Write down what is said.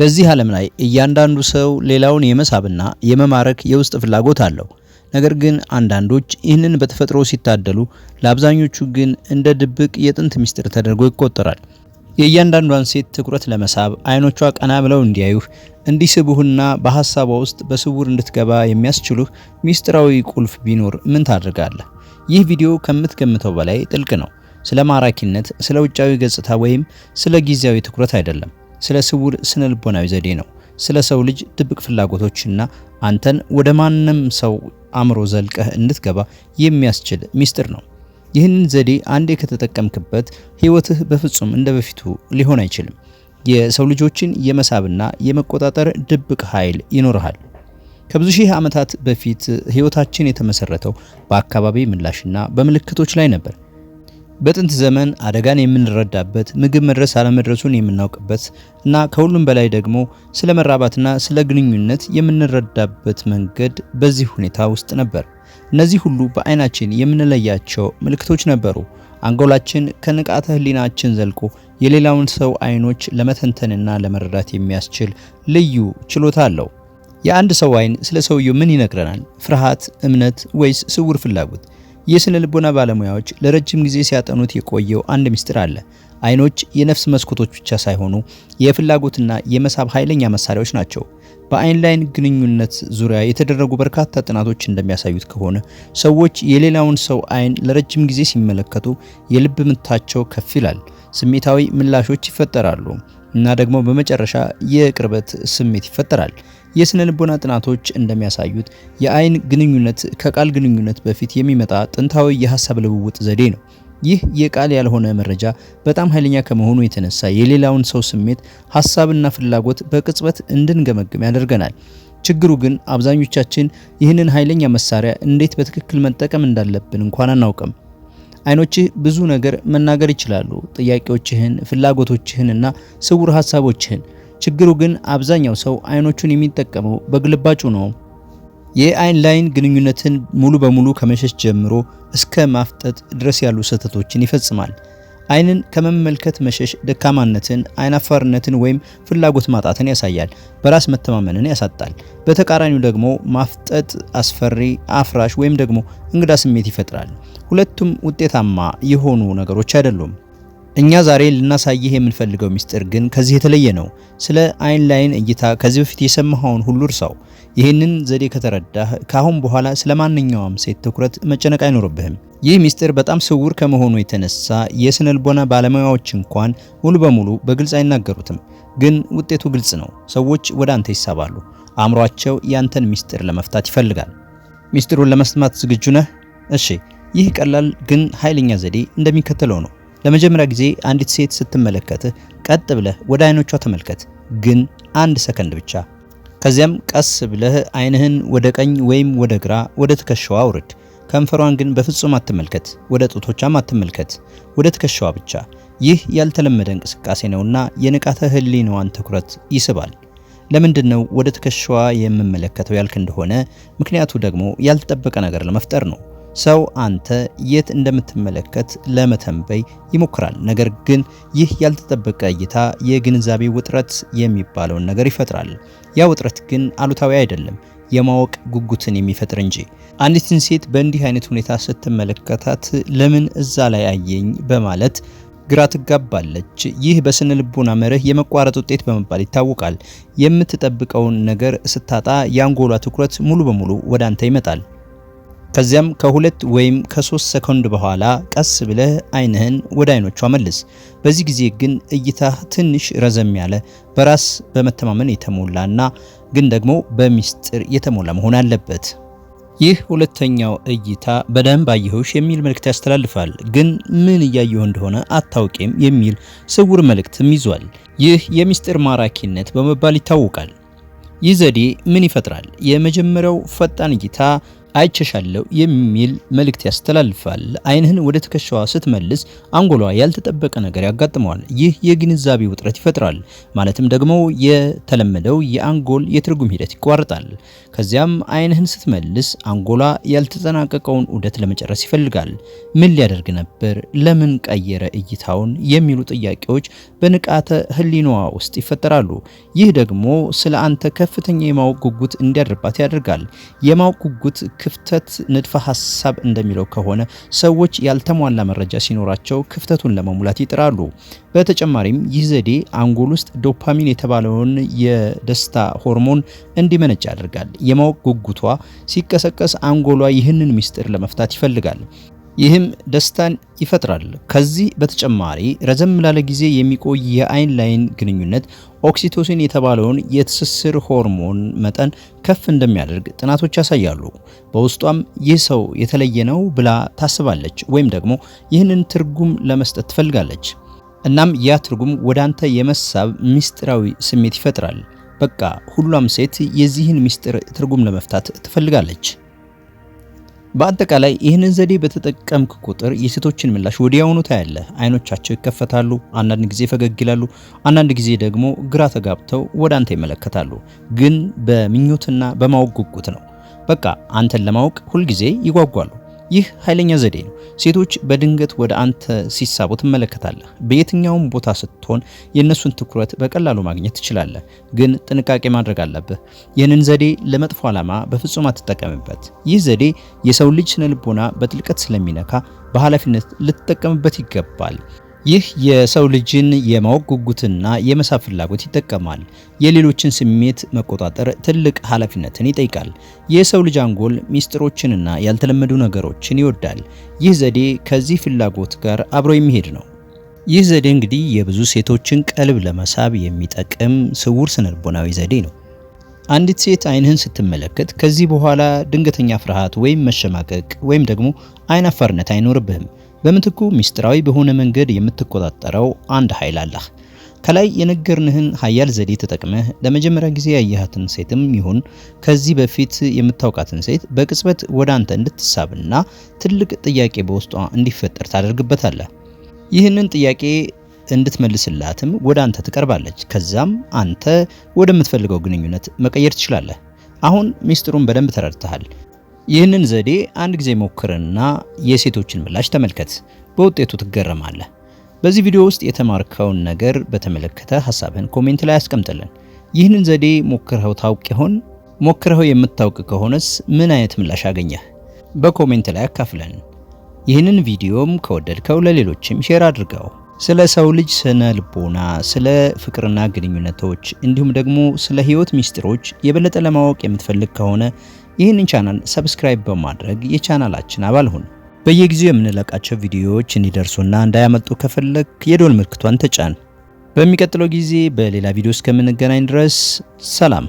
በዚህ ዓለም ላይ እያንዳንዱ ሰው ሌላውን የመሳብና የመማረክ የውስጥ ፍላጎት አለው። ነገር ግን አንዳንዶች ይህንን በተፈጥሮ ሲታደሉ፣ ለአብዛኞቹ ግን እንደ ድብቅ የጥንት ምስጢር ተደርጎ ይቆጠራል። የእያንዳንዷን ሴት ትኩረት ለመሳብ አይኖቿ ቀና ብለው እንዲያዩህ እንዲስቡህና በሀሳቧ ውስጥ በስውር እንድትገባ የሚያስችሉህ ሚስጥራዊ ቁልፍ ቢኖር ምን ታደርጋለህ? ይህ ቪዲዮ ከምትገምተው በላይ ጥልቅ ነው። ስለ ማራኪነት፣ ስለ ውጫዊ ገጽታ ወይም ስለ ጊዜያዊ ትኩረት አይደለም። ስለ ስውር ስነልቦናዊ ዘዴ ነው። ስለ ሰው ልጅ ድብቅ ፍላጎቶችና አንተን ወደ ማንም ሰው አእምሮ ዘልቀህ እንድትገባ የሚያስችል ሚስጥር ነው። ይህንን ዘዴ አንዴ ከተጠቀምክበት ህይወትህ በፍጹም እንደ በፊቱ ሊሆን አይችልም። የሰው ልጆችን የመሳብና የመቆጣጠር ድብቅ ኃይል ይኖርሃል። ከብዙ ሺህ ዓመታት በፊት ህይወታችን የተመሰረተው በአካባቢ ምላሽና በምልክቶች ላይ ነበር። በጥንት ዘመን አደጋን የምንረዳበት ምግብ መድረስ አለመድረሱን የምናውቅበት እና ከሁሉም በላይ ደግሞ ስለ መራባትና ስለ ግንኙነት የምንረዳበት መንገድ በዚህ ሁኔታ ውስጥ ነበር። እነዚህ ሁሉ በአይናችን የምንለያቸው ምልክቶች ነበሩ። አንጎላችን ከንቃተ ህሊናችን ዘልቆ የሌላውን ሰው አይኖች ለመተንተንና ለመረዳት የሚያስችል ልዩ ችሎታ አለው። የአንድ ሰው አይን ስለ ሰውየው ምን ይነግረናል? ፍርሃት፣ እምነት ወይስ ስውር ፍላጎት? የስነ ልቦና ባለሙያዎች ለረጅም ጊዜ ሲያጠኑት የቆየው አንድ ምስጢር አለ። አይኖች የነፍስ መስኮቶች ብቻ ሳይሆኑ የፍላጎትና የመሳብ ኃይለኛ መሳሪያዎች ናቸው። በአይን ላይን ግንኙነት ዙሪያ የተደረጉ በርካታ ጥናቶች እንደሚያሳዩት ከሆነ ሰዎች የሌላውን ሰው አይን ለረጅም ጊዜ ሲመለከቱ የልብ ምታቸው ከፍ ይላል፣ ስሜታዊ ምላሾች ይፈጠራሉ እና ደግሞ በመጨረሻ የቅርበት ስሜት ይፈጠራል። የስነ ልቦና ጥናቶች እንደሚያሳዩት የአይን ግንኙነት ከቃል ግንኙነት በፊት የሚመጣ ጥንታዊ የሀሳብ ልውውጥ ዘዴ ነው። ይህ የቃል ያልሆነ መረጃ በጣም ኃይለኛ ከመሆኑ የተነሳ የሌላውን ሰው ስሜት፣ ሀሳብና ፍላጎት በቅጽበት እንድንገመግም ያደርገናል። ችግሩ ግን አብዛኞቻችን ይህንን ኃይለኛ መሳሪያ እንዴት በትክክል መጠቀም እንዳለብን እንኳን አናውቅም። አይኖችህ ብዙ ነገር መናገር ይችላሉ። ጥያቄዎችህን፣ ፍላጎቶችህን እና ስውር ሀሳቦችህን ችግሩ ግን አብዛኛው ሰው አይኖቹን የሚጠቀመው በግልባጩ ነው። የአይን ላይን ግንኙነትን ሙሉ በሙሉ ከመሸሽ ጀምሮ እስከ ማፍጠጥ ድረስ ያሉ ስህተቶችን ይፈጽማል። አይንን ከመመልከት መሸሽ ደካማነትን፣ አይናፋርነትን ወይም ፍላጎት ማጣትን ያሳያል። በራስ መተማመንን ያሳጣል። በተቃራኒው ደግሞ ማፍጠጥ አስፈሪ፣ አፍራሽ ወይም ደግሞ እንግዳ ስሜት ይፈጥራል። ሁለቱም ውጤታማ የሆኑ ነገሮች አይደሉም። እኛ ዛሬ ልናሳይህ የምንፈልገው ሚስጥር ግን ከዚህ የተለየ ነው። ስለ አይን ላይን እይታ ከዚህ በፊት የሰማኸውን ሁሉ እርሳው። ይህንን ዘዴ ከተረዳህ ከአሁን በኋላ ስለ ማንኛውም ሴት ትኩረት መጨነቅ አይኖርብህም። ይህ ሚስጥር በጣም ስውር ከመሆኑ የተነሳ የስነ ልቦና ባለሙያዎች እንኳን ሙሉ በሙሉ በግልጽ አይናገሩትም። ግን ውጤቱ ግልጽ ነው። ሰዎች ወደ አንተ ይሳባሉ። አእምሯቸው ያንተን ሚስጥር ለመፍታት ይፈልጋል። ሚስጥሩን ለመስማት ዝግጁ ነህ? እሺ። ይህ ቀላል ግን ኃይለኛ ዘዴ እንደሚከተለው ነው። ለመጀመሪያ ጊዜ አንዲት ሴት ስትመለከትህ ቀጥ ብለህ ወደ አይኖቿ ተመልከት፣ ግን አንድ ሰከንድ ብቻ። ከዚያም ቀስ ብለህ አይንህን ወደ ቀኝ ወይም ወደ ግራ፣ ወደ ትከሻዋ አውርድ። ከንፈሯን ግን በፍጹም አትመልከት፣ ወደ ጡቶቿም አትመልከት፣ ወደ ትከሻዋ ብቻ። ይህ ያልተለመደ እንቅስቃሴ ነውና የንቃተ ህሊናዋን ትኩረት ይስባል። ለምንድን ነው ወደ ትከሻዋ የምመለከተው ያልክ እንደሆነ፣ ምክንያቱ ደግሞ ያልተጠበቀ ነገር ለመፍጠር ነው። ሰው አንተ የት እንደምትመለከት ለመተንበይ ይሞክራል። ነገር ግን ይህ ያልተጠበቀ እይታ የግንዛቤ ውጥረት የሚባለውን ነገር ይፈጥራል። ያ ውጥረት ግን አሉታዊ አይደለም፣ የማወቅ ጉጉትን የሚፈጥር እንጂ። አንዲትን ሴት በእንዲህ አይነት ሁኔታ ስትመለከታት ለምን እዛ ላይ አየኝ በማለት ግራ ትጋባለች። ይህ በስነ ልቦና መርህ የመቋረጥ ውጤት በመባል ይታወቃል። የምትጠብቀውን ነገር ስታጣ የአንጎሏ ትኩረት ሙሉ በሙሉ ወደ አንተ ይመጣል። ከዚያም ከሁለት ወይም ከሶስት ሰከንድ በኋላ ቀስ ብለህ አይንህን ወደ አይኖቿ መልስ። በዚህ ጊዜ ግን እይታ ትንሽ ረዘም ያለ በራስ በመተማመን የተሞላና ግን ደግሞ በሚስጥር የተሞላ መሆን አለበት። ይህ ሁለተኛው እይታ በደንብ አየሁሽ የሚል መልእክት ያስተላልፋል፣ ግን ምን እያየሁ እንደሆነ አታውቂም የሚል ስውር መልእክትም ይዟል። ይህ የሚስጥር ማራኪነት በመባል ይታወቃል። ይህ ዘዴ ምን ይፈጥራል? የመጀመሪያው ፈጣን እይታ አይቸሻለሁ የሚል መልእክት ያስተላልፋል። አይንህን ወደ ትከሻዋ ስትመልስ አንጎሏ ያልተጠበቀ ነገር ያጋጥመዋል። ይህ የግንዛቤ ውጥረት ይፈጥራል። ማለትም ደግሞ የተለመደው የአንጎል የትርጉም ሂደት ይቋርጣል። ከዚያም አይንህን ስትመልስ አንጎሏ ያልተጠናቀቀውን ዑደት ለመጨረስ ይፈልጋል። ምን ሊያደርግ ነበር? ለምን ቀየረ እይታውን? የሚሉ ጥያቄዎች በንቃተ ህሊናዋ ውስጥ ይፈጠራሉ። ይህ ደግሞ ስለ አንተ ከፍተኛ የማወቅ ጉጉት እንዲያድርባት ያደርጋል። የማወቅ ጉጉት ክፍተት ንድፈ ሀሳብ እንደሚለው ከሆነ ሰዎች ያልተሟላ መረጃ ሲኖራቸው ክፍተቱን ለመሙላት ይጥራሉ። በተጨማሪም ይህ ዘዴ አንጎል ውስጥ ዶፓሚን የተባለውን የደስታ ሆርሞን እንዲመነጭ ያደርጋል። የማወቅ ጉጉቷ ሲቀሰቀስ አንጎሏ ይህንን ሚስጥር ለመፍታት ይፈልጋል። ይህም ደስታን ይፈጥራል። ከዚህ በተጨማሪ ረዘም ላለ ጊዜ የሚቆይ የአይን ላይን ግንኙነት ኦክሲቶሲን የተባለውን የትስስር ሆርሞን መጠን ከፍ እንደሚያደርግ ጥናቶች ያሳያሉ። በውስጧም ይህ ሰው የተለየ ነው ብላ ታስባለች፣ ወይም ደግሞ ይህንን ትርጉም ለመስጠት ትፈልጋለች። እናም ያ ትርጉም ወደ አንተ የመሳብ ምስጢራዊ ስሜት ይፈጥራል። በቃ ሁሏም ሴት የዚህን ምስጢር ትርጉም ለመፍታት ትፈልጋለች። በአጠቃላይ ይህንን ዘዴ በተጠቀምክ ቁጥር የሴቶችን ምላሽ ወዲያውኑ ታያለህ። አይኖቻቸው ይከፈታሉ፣ አንዳንድ ጊዜ ፈገግ ይላሉ፣ አንዳንድ ጊዜ ደግሞ ግራ ተጋብተው ወደ አንተ ይመለከታሉ። ግን በምኞትና በማወቅ ጉጉት ነው። በቃ አንተን ለማወቅ ሁልጊዜ ይጓጓሉ። ይህ ኃይለኛ ዘዴ ነው። ሴቶች በድንገት ወደ አንተ ሲሳቡ ትመለከታለህ። በየትኛውም ቦታ ስትሆን የእነሱን ትኩረት በቀላሉ ማግኘት ትችላለህ፣ ግን ጥንቃቄ ማድረግ አለብህ። ይህንን ዘዴ ለመጥፎ ዓላማ በፍጹም አትጠቀምበት። ይህ ዘዴ የሰው ልጅ ስነልቦና በጥልቀት ስለሚነካ በኃላፊነት ልትጠቀምበት ይገባል። ይህ የሰው ልጅን የማወቅ ጉጉትና የመሳብ ፍላጎት ይጠቀማል። የሌሎችን ስሜት መቆጣጠር ትልቅ ኃላፊነትን ይጠይቃል። የሰው ልጅ አንጎል ሚስጥሮችንና ያልተለመዱ ነገሮችን ይወዳል። ይህ ዘዴ ከዚህ ፍላጎት ጋር አብሮ የሚሄድ ነው። ይህ ዘዴ እንግዲህ የብዙ ሴቶችን ቀልብ ለመሳብ የሚጠቅም ስውር ስነልቦናዊ ዘዴ ነው። አንዲት ሴት አይንህን ስትመለከት ከዚህ በኋላ ድንገተኛ ፍርሃት ወይም መሸማቀቅ ወይም ደግሞ አይን አፋርነት አይኖርብህም። በምትኩ ሚስጥራዊ በሆነ መንገድ የምትቆጣጠረው አንድ ኃይል አለህ። ከላይ የነገርንህን ኃያል ዘዴ ተጠቅመህ ለመጀመሪያ ጊዜ ያየሃትን ሴትም ይሁን ከዚህ በፊት የምታውቃትን ሴት በቅጽበት ወደ አንተ እንድትሳብና ትልቅ ጥያቄ በውስጧ እንዲፈጠር ታደርግበታለህ። ይህንን ጥያቄ እንድትመልስላትም ወደ አንተ ትቀርባለች። ከዛም አንተ ወደምትፈልገው ግንኙነት መቀየር ትችላለህ። አሁን ሚስጥሩን በደንብ ተረድተሃል። ይህንን ዘዴ አንድ ጊዜ ሞክርና የሴቶችን ምላሽ ተመልከት። በውጤቱ ትገረማለህ። በዚህ ቪዲዮ ውስጥ የተማርከውን ነገር በተመለከተ ሀሳብህን ኮሜንት ላይ አስቀምጥልን። ይህንን ዘዴ ሞክረኸው ታውቅ ይሆን? ሞክረኸው የምታውቅ ከሆነስ ምን አይነት ምላሽ አገኘህ? በኮሜንት ላይ አካፍለን። ይህንን ቪዲዮም ከወደድከው ለሌሎችም ሼር አድርገው። ስለ ሰው ልጅ ስነ ልቦና፣ ስለ ፍቅርና ግንኙነቶች እንዲሁም ደግሞ ስለ ህይወት ሚስጥሮች የበለጠ ለማወቅ የምትፈልግ ከሆነ ይህንን ቻናል ሰብስክራይብ በማድረግ የቻናላችን አባል ሁን። በየጊዜው የምንለቃቸው ቪዲዮዎች እንዲደርሱና እንዳያመልጡ ከፈለግ የዶል ምልክቷን ተጫን። በሚቀጥለው ጊዜ በሌላ ቪዲዮ እስከምንገናኝ ድረስ ሰላም።